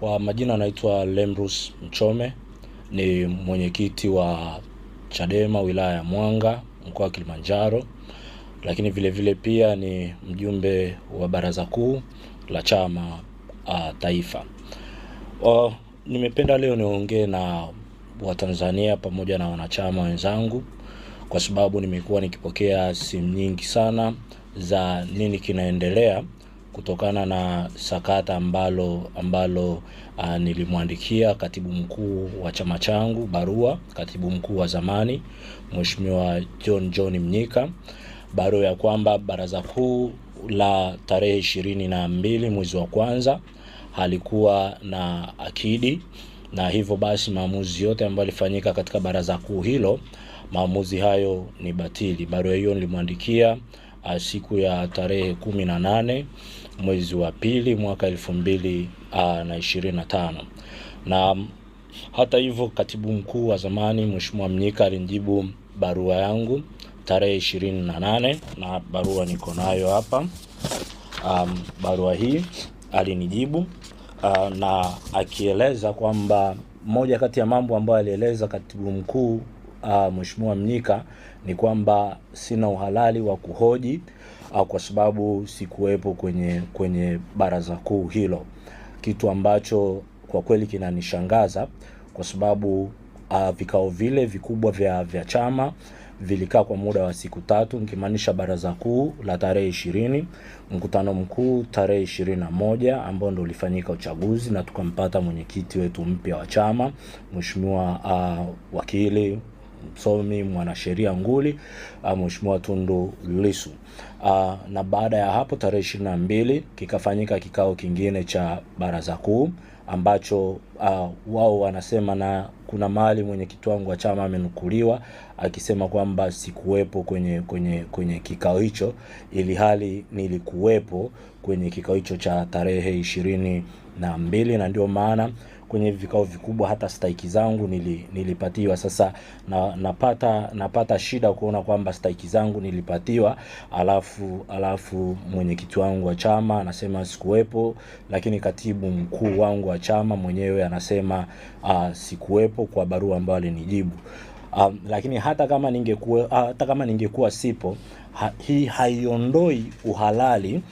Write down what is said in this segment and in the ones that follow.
Kwa majina anaitwa Lembrus Mchome, ni mwenyekiti wa Chadema wilaya ya Mwanga mkoa wa Kilimanjaro, lakini vile vile pia ni mjumbe wa baraza kuu la chama uh, taifa. O, nimependa leo niongee na Watanzania pamoja na wanachama wenzangu kwa sababu nimekuwa nikipokea simu nyingi sana za nini kinaendelea kutokana na sakata ambalo ambalo uh, nilimwandikia katibu mkuu wa chama changu barua, katibu mkuu wa zamani Mheshimiwa John John Mnyika, barua ya kwamba baraza kuu la tarehe ishirini na mbili mwezi wa kwanza halikuwa na akidi, na hivyo basi maamuzi yote ambayo yalifanyika katika baraza kuu hilo, maamuzi hayo ni batili. Barua hiyo nilimwandikia Ah, siku ya tarehe kumi na nane mwezi wa pili mwaka elfu mbili ah, na ishirini na tano na hata hivyo katibu mkuu wa zamani Mheshimiwa Mnyika alinjibu barua yangu tarehe ishirini na nane na barua niko nayo hapa. Um, barua hii alinijibu uh, na akieleza kwamba moja kati ya mambo ambayo alieleza katibu mkuu uh, Mheshimiwa Mnyika ni kwamba sina uhalali wa kuhoji uh, kwa sababu sikuwepo kwenye, kwenye baraza kuu hilo, kitu ambacho kwa kweli kinanishangaza kwa sababu uh, vikao vile vikubwa vya, vya chama vilikaa kwa muda wa siku tatu nikimaanisha baraza kuu la tarehe ishirini, mkutano mkuu tarehe ishirini na moja ambao ndo ulifanyika uchaguzi na tukampata mwenyekiti wetu mpya wa chama Mheshimiwa uh, wakili msomi mwanasheria nguli ah, Mheshimiwa Tundu Lissu. Uh, na baada ya hapo tarehe ishirini na mbili kikafanyika kikao kingine cha baraza kuu ambacho uh, wao wanasema na kuna mahali mwenyekiti wangu wa chama amenukuliwa akisema kwamba sikuwepo kwenye, kwenye, kwenye kikao hicho, ili hali nilikuwepo kwenye kikao hicho cha tarehe ishirini na mbili na ndio maana kwenye vikao vikubwa, hata staiki zangu nili, nilipatiwa. Sasa na, napata, napata shida kuona kwamba staiki zangu nilipatiwa, alafu alafu mwenyekiti wangu wa chama anasema sikuwepo, lakini katibu mkuu wangu wa chama mwenyewe anasema uh, sikuwepo kwa barua ambayo alinijibu um, lakini hata kama ningekuwa hata kama ningekuwa sipo ha, hii haiondoi uhalali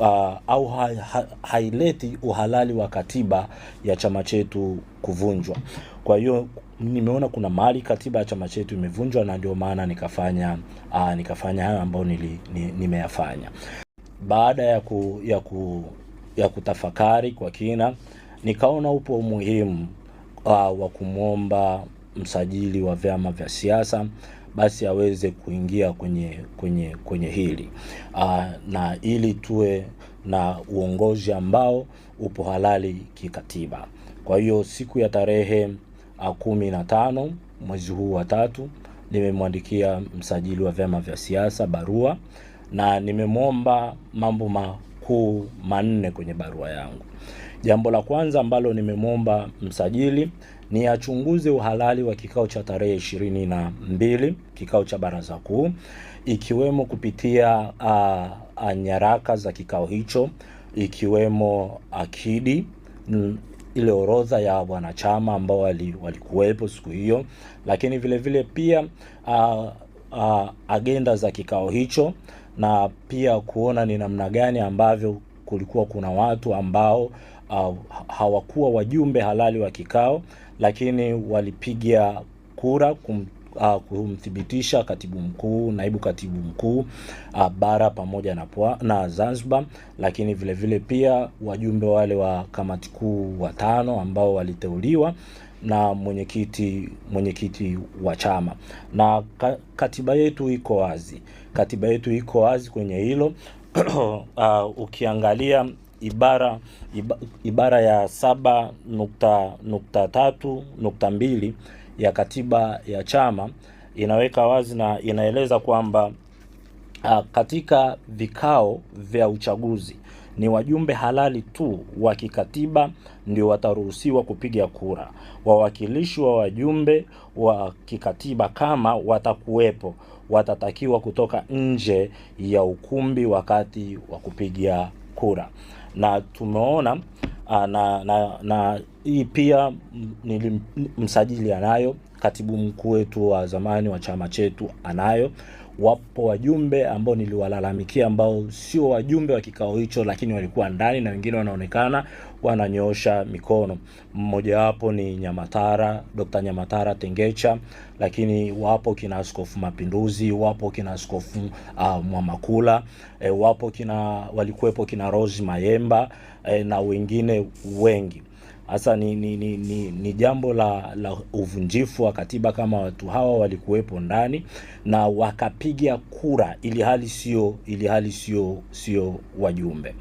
uh, au ha, ha, haileti uhalali wa katiba ya chama chetu kuvunjwa. Kwa hiyo nimeona kuna mali katiba ya chama chetu imevunjwa, na ndio maana nikafanya uh, nikafanya hayo ambayo nili, ni, nimeyafanya baada ya, ku, ya, ku, ya kutafakari kwa kina, nikaona upo umuhimu uh, wa kumwomba msajili wa vyama vya siasa basi aweze kuingia kwenye, kwenye, kwenye hili aa, ah, na ili tuwe na uongozi ambao upo halali kikatiba. Kwa hiyo siku ya tarehe ah, kumi na tano mwezi huu wa tatu nimemwandikia msajili wa vyama vya siasa barua na nimemwomba mambo makuu manne kwenye barua yangu. Jambo la kwanza ambalo nimemwomba msajili ni achunguze uhalali wa kikao cha tarehe ishirini na mbili kikao cha baraza kuu, ikiwemo kupitia a nyaraka za kikao hicho, ikiwemo akidi ile orodha ya wanachama ambao walikuwepo siku hiyo, lakini vile vile pia a, a, agenda za kikao hicho na pia kuona ni namna gani ambavyo kulikuwa kuna watu ambao uh, hawakuwa wajumbe halali wa kikao, lakini walipiga kura kum, uh, kumthibitisha katibu mkuu, naibu katibu mkuu uh, bara pamoja na, pua, na Zanzibar, lakini vile vile pia wajumbe wale wa kamati kuu watano ambao waliteuliwa na mwenyekiti mwenyekiti wa chama na ka, katiba yetu iko wazi, katiba yetu iko wazi kwenye hilo. Uh, ukiangalia ibara ibara ya saba nukta nukta tatu nukta mbili ya katiba ya chama inaweka wazi na inaeleza kwamba katika vikao vya uchaguzi ni wajumbe halali tu wa kikatiba ndio wataruhusiwa kupiga kura. Wawakilishi wa wajumbe wa kikatiba kama watakuwepo, watatakiwa kutoka nje ya ukumbi wakati wa kupiga kura, na tumeona ah, na, na, na hii pia nilimsajili anayo, katibu mkuu wetu wa zamani wa chama chetu anayo wapo wajumbe ambao niliwalalamikia ambao sio wajumbe wa kikao hicho, lakini walikuwa ndani na wengine wanaonekana wananyoosha mikono. Mmojawapo ni Nyamatara, Dr. Nyamatara Tengecha, lakini wapo kina Askofu Mapinduzi, wapo kina Askofu uh, Mwamakula, e, wapo kina walikuwepo kina Rose Mayemba e, na wengine wengi. Hasa ni, ni, ni, ni, ni jambo la, la uvunjifu wa katiba kama watu hawa walikuwepo ndani na wakapiga kura ili hali sio ili hali sio sio wajumbe.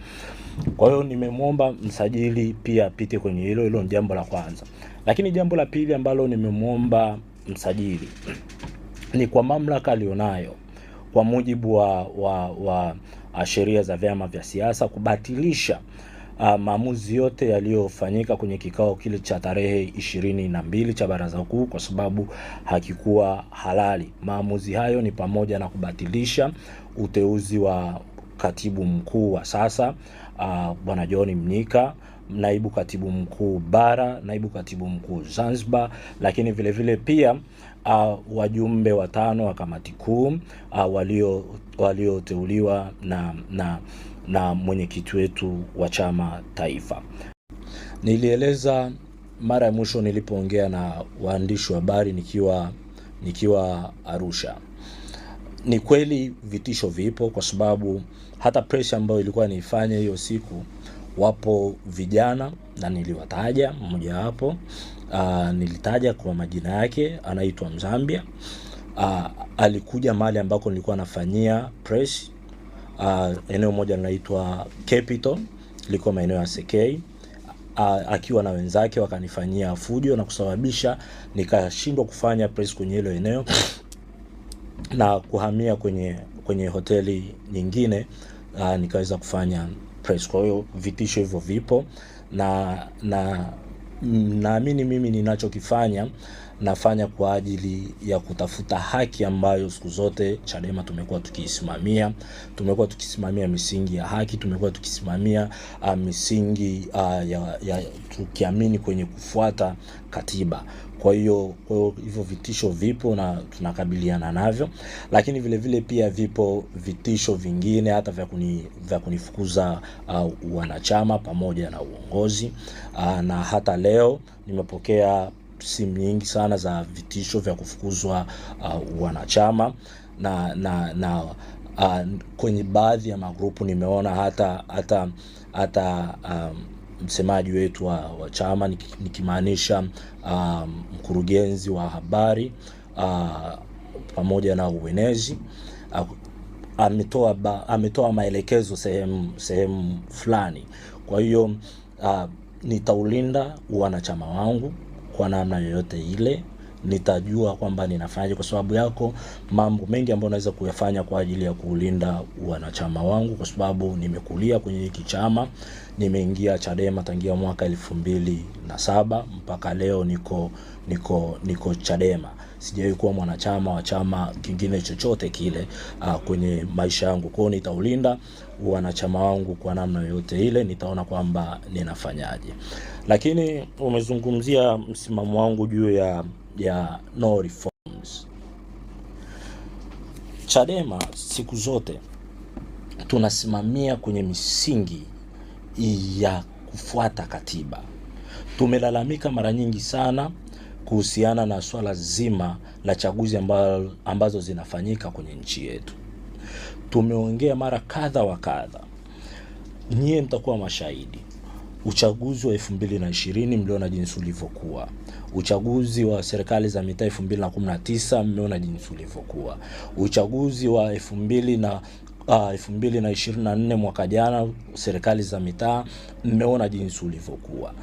Kwa hiyo nimemwomba msajili pia apite kwenye hilo hilo, ni jambo la kwanza. Lakini jambo la pili ambalo nimemwomba msajili ni kwa mamlaka alionayo kwa mujibu wa, wa, wa sheria za vyama vya siasa kubatilisha uh, maamuzi yote yaliyofanyika kwenye kikao kile cha tarehe ishirini na mbili cha baraza kuu kwa sababu hakikuwa halali. Maamuzi hayo ni pamoja na kubatilisha uteuzi wa katibu mkuu wa sasa uh, Bwana John Mnyika, naibu katibu mkuu bara, naibu katibu mkuu Zanzibar, lakini vile vile pia uh, wajumbe watano wa kamati kuu uh, walio walioteuliwa na na na mwenyekiti wetu wa chama taifa. Nilieleza mara ya mwisho nilipoongea na waandishi wa habari nikiwa nikiwa Arusha. Ni kweli vitisho vipo, kwa sababu hata presha ambayo ilikuwa niifanye hiyo siku, wapo vijana na niliwataja mmoja Uh, nilitaja kwa majina yake, anaitwa Mzambia. Uh, alikuja mahali ambako nilikuwa nafanyia press uh, eneo moja linaitwa Capital, liko maeneo ya Sekei uh, akiwa na wenzake wakanifanyia fujo na kusababisha nikashindwa kufanya press kwenye hilo eneo na kuhamia kwenye kwenye hoteli nyingine uh, nikaweza kufanya press. Kwa hiyo vitisho hivyo vipo na na naamini mimi ninachokifanya nafanya kwa ajili ya kutafuta haki ambayo siku zote Chadema tumekuwa tukiisimamia. Tumekuwa tukisimamia misingi ya haki, tumekuwa tukisimamia uh, misingi uh, ya, ya tukiamini kwenye kufuata katiba. Kwa hiyo hivyo vitisho vipo na tunakabiliana navyo, lakini vile vile pia vipo vitisho vingine hata vya kuni, vya kunifukuza uh, wanachama pamoja na uongozi uh, na hata leo nimepokea simu nyingi sana za vitisho vya kufukuzwa uh, wanachama na, na, na uh, kwenye baadhi ya magrupu nimeona hata hata hata um, msemaji wetu wa, wa chama nikimaanisha uh, mkurugenzi wa habari uh, pamoja na uenezi uh, ametoa ba, ametoa maelekezo sehemu sehemu fulani. Kwa hiyo uh, nitaulinda wanachama wangu kwa namna yoyote ile nitajua kwamba ninafanyaje, kwa sababu yako mambo mengi ambayo naweza kuyafanya kwa ajili ya kulinda wanachama wangu, kwa sababu nimekulia kwenye hiki chama. Nimeingia Chadema tangia mwaka elfu mbili na saba mpaka leo niko niko niko Chadema. Sijawahi kuwa mwanachama wa chama kingine chochote kile uh, kwenye maisha yangu. Kwao nitaulinda wanachama wangu kwa namna yoyote ile, nitaona kwamba ninafanyaje. Lakini umezungumzia msimamo wangu juu ya ya no reforms. Chadema siku zote tunasimamia kwenye misingi ya kufuata katiba. Tumelalamika mara nyingi sana kuhusiana na swala zima la chaguzi ambazo zinafanyika kwenye nchi yetu. Tumeongea mara kadha wa kadha, nyie mtakuwa mashahidi. Uchaguzi wa elfu mbili na ishirini mliona jinsi ulivyokuwa. Uchaguzi wa serikali za mitaa 2019 mmeona jinsi ulivyokuwa. Uchaguzi wa 2000 na Uh, elfu mbili na ishirini na nne mwaka jana serikali za mitaa mmeona jinsi ulivyokuwa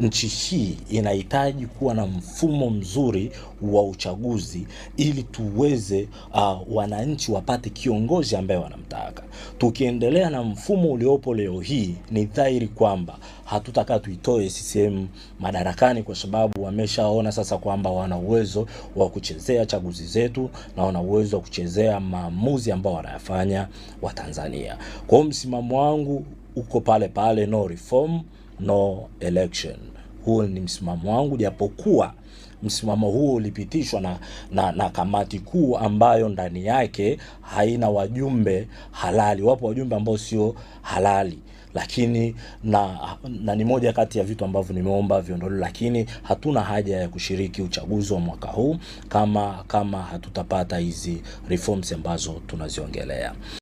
nchi hii inahitaji kuwa na mfumo mzuri wa uchaguzi ili tuweze uh, wananchi wapate kiongozi ambaye wanamtaka. Tukiendelea na mfumo uliopo leo hii, ni dhahiri kwamba hatutakaa tuitoe CCM madarakani, kwa sababu wameshaona sasa kwamba wana uwezo wa kuchezea chaguzi zetu na wana uwezo wa kuchezea maamuzi ambao wanayafanya Watanzania. Kwa hiyo msimamo wangu uko pale pale, no reform no election. Huo ni msimamo wangu, japokuwa msimamo huo ulipitishwa na, na, na kamati kuu ambayo ndani yake haina wajumbe halali. Wapo wajumbe ambao sio halali lakini na, na ni moja kati ya vitu ambavyo nimeomba viondolewe, lakini hatuna haja ya kushiriki uchaguzi wa mwaka huu kama kama hatutapata hizi reforms ambazo tunaziongelea.